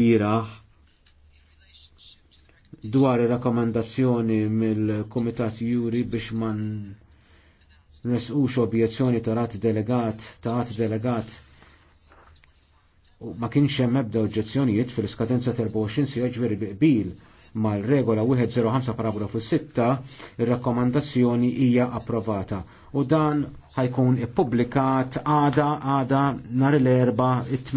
biraħ dwar rakkomandazzjoni mill komitat Juri biex man nesqux objezzjoni ta' rat delegat, ta' rat delegat u ma kienx hemm ebda oġġezzjonijiet fil-iskadenza 24 si ġveri biqbil mal-regola 105 paragrafu 6 ir-rakkomandazzjoni hija approvata u dan ħajkun ippubblikat għada għada nhar l-erba' it